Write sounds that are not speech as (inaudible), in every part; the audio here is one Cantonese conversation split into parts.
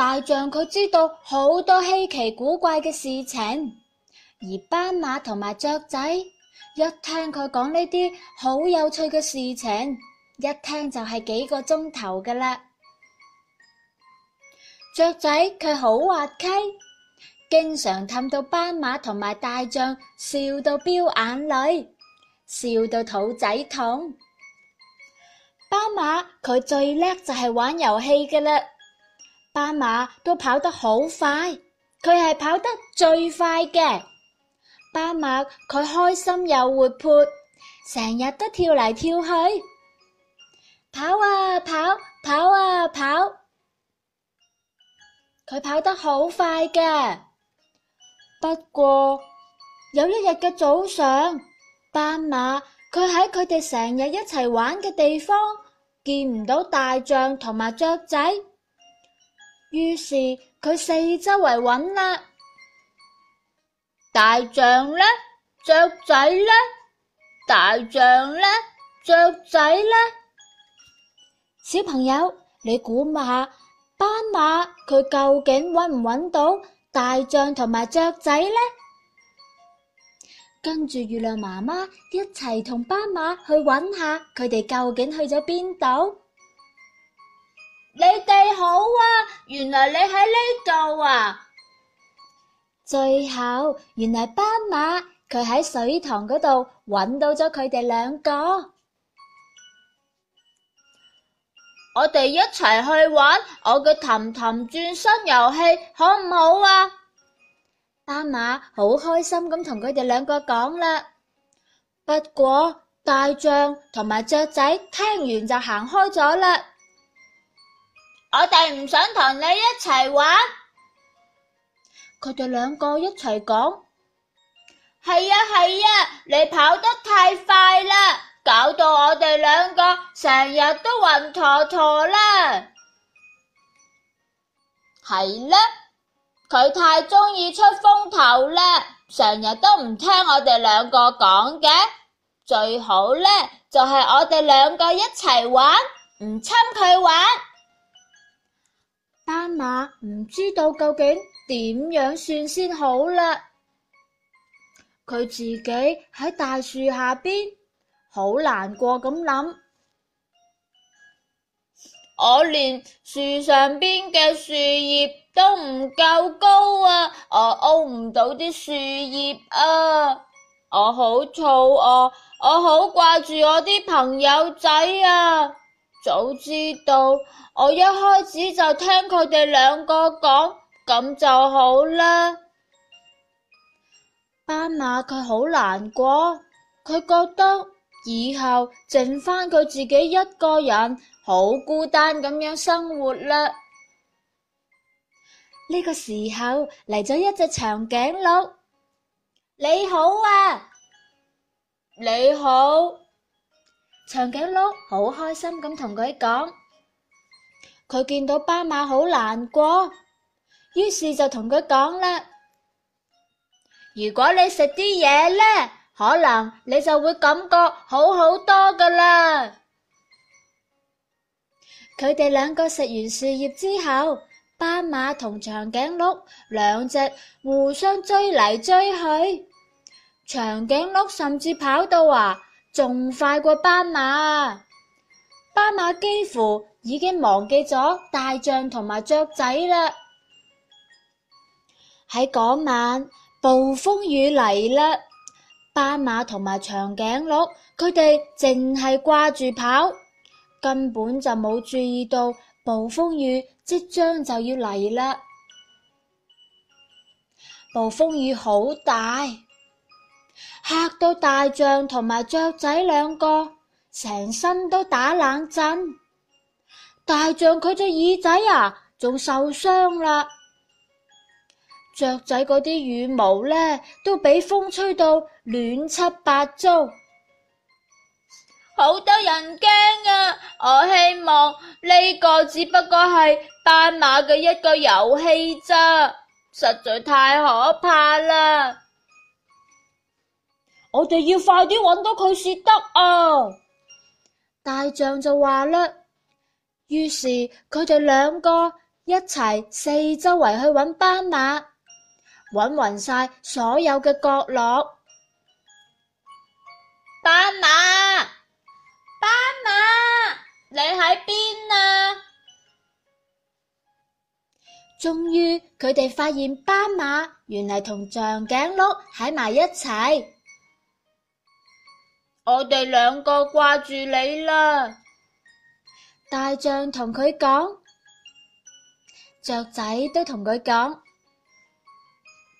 大象佢知道好多稀奇古怪嘅事情，而斑馬同埋雀仔一聽佢講呢啲好有趣嘅事情，一聽就係幾個鐘頭㗎喇。雀仔佢好滑稽，經常氹到斑馬同埋大象笑到飆眼淚，笑到肚仔痛。斑馬佢最叻就係玩遊戲㗎喇。斑馬都跑得好快，佢係跑得最快嘅。斑馬佢開心又活潑，成日都跳嚟跳去，跑啊跑，跑啊跑，佢跑得好快嘅。不過，有一日嘅早上，斑馬佢喺佢哋成日一齊玩嘅地方見唔到大象同埋雀仔。於是佢四周圍揾喇大象呢？雀仔呢？大象呢？雀仔呢？小朋友，你估下，斑馬佢究竟揾唔揾到大象同埋雀仔呢？跟住月亮媽媽一齊同斑馬去揾下，佢哋究竟去咗邊度？你哋好啊！原來你喺呢度啊！最後，原來斑馬佢喺水塘嗰度揾到咗佢哋兩個。我哋一齊去玩我嘅氹氹轉身遊戲，好唔好啊？斑馬好開心咁同佢哋兩個講啦。 (laughs) 不過大象同埋雀仔聽完就行開咗啦。我哋唔想同你一齊玩，佢哋兩個一齊講，係啊，係啊，你跑得太快啦，搞到我哋兩個成日都暈陀陀啦。係啦、啊，佢太鍾意出風頭啦，成日都唔聽我哋兩個講嘅。最好呢，就係、是、我哋兩個一齊玩，唔侵佢玩。斑馬唔知道究竟點樣算先好啦，佢自己喺大樹下邊，好難過咁諗：我連樹上邊嘅樹葉都唔夠高啊，我勾唔到啲樹葉啊，我好燥啊，我好掛住我啲朋友仔啊！早知道，我一開始就聽佢哋兩個講，咁就好啦。斑馬佢好難過，佢覺得以後剩翻佢自己一個人，好孤單咁樣生活啦。呢個時候嚟咗一隻長頸鹿，你好啊，你好。長頸鹿好開心咁同佢講，佢見到斑馬好難過，於是就同佢講啦，如果你食啲嘢呢，可能你就會感覺好好多噶啦。佢哋兩個食完樹葉之後，斑馬同長頸鹿兩隻互相追嚟追去，長頸鹿甚至跑到話。仲快過斑馬，斑馬幾乎已經忘記咗大象同埋雀仔啦。喺嗰晚，暴風雨嚟啦，斑馬同埋長頸鹿佢哋淨係掛住跑，根本就冇注意到暴風雨即將就要嚟啦。暴風雨好大。吓到大象同埋雀仔兩個，成身都打冷震。大象佢隻耳仔啊，仲受傷啦。雀仔嗰啲羽毛呢，都俾風吹到亂七八糟，好多人驚啊！我希望呢個只不過係斑馬嘅一個遊戲咋，實在太可怕啦！我哋要快啲揾到佢先得啊！大象就話啦，於是佢哋兩個一齊四周圍去揾斑馬，揾勻晒所有嘅角落。斑馬，斑馬，你喺邊啊？終於佢哋發現斑馬原嚟同長頸鹿喺埋一齊。我哋兩個掛住你啦，大象同佢講，雀仔都同佢講，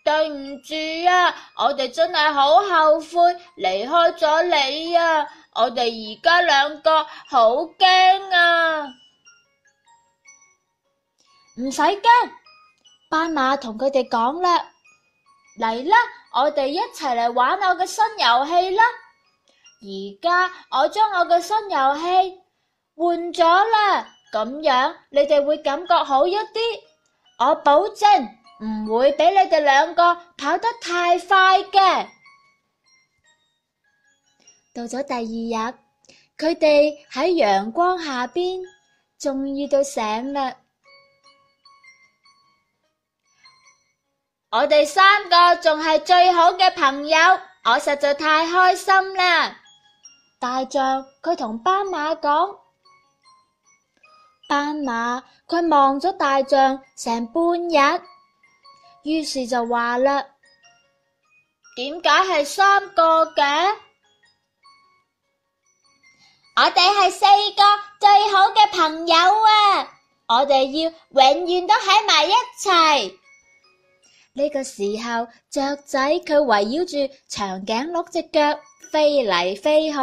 對唔住啊，我哋真係好後悔離開咗你啊，我哋而家兩個好驚啊。唔使驚，斑馬同佢哋講啦，嚟啦，我哋一齊嚟玩我嘅新遊戲啦。而家我將我嘅新遊戲換咗啦，咁樣你哋會感覺好一啲。我保證唔會俾你哋兩個跑得太快嘅。到咗第二日，佢哋喺陽光下邊終於都醒啦。我哋三個仲係最好嘅朋友，我實在太開心啦！大象佢同斑馬講，斑馬佢望咗大象成半日，於是就話啦：點解係三個㗎？我哋係四個最好嘅朋友啊！我哋要永遠都喺埋一齊。呢個時候，雀仔佢圍繞住長頸鹿隻腳飛嚟飛去，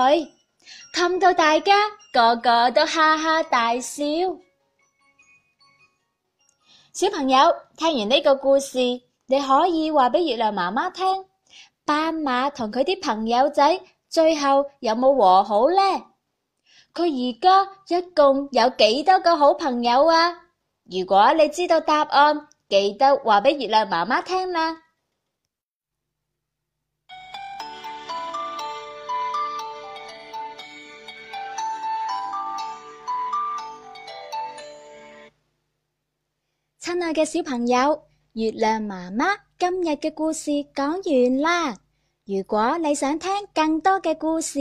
氹到大家個個都哈哈大笑。小朋友聽完呢個故事，你可以話俾月亮媽媽聽：斑馬同佢啲朋友仔最後有冇和好呢？佢而家一共有幾多個好朋友啊？如果你知道答案。記得話俾月亮媽媽聽啦，親愛嘅小朋友，月亮媽媽今日嘅故事講完啦。如果你想聽更多嘅故事，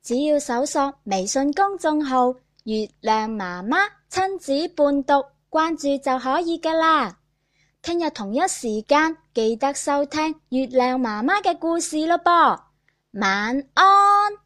只要搜索微信公眾號“月亮媽媽親子伴讀”，關注就可以噶啦。聽日同一時間記得收聽月亮媽媽嘅故事囉噃，晚安。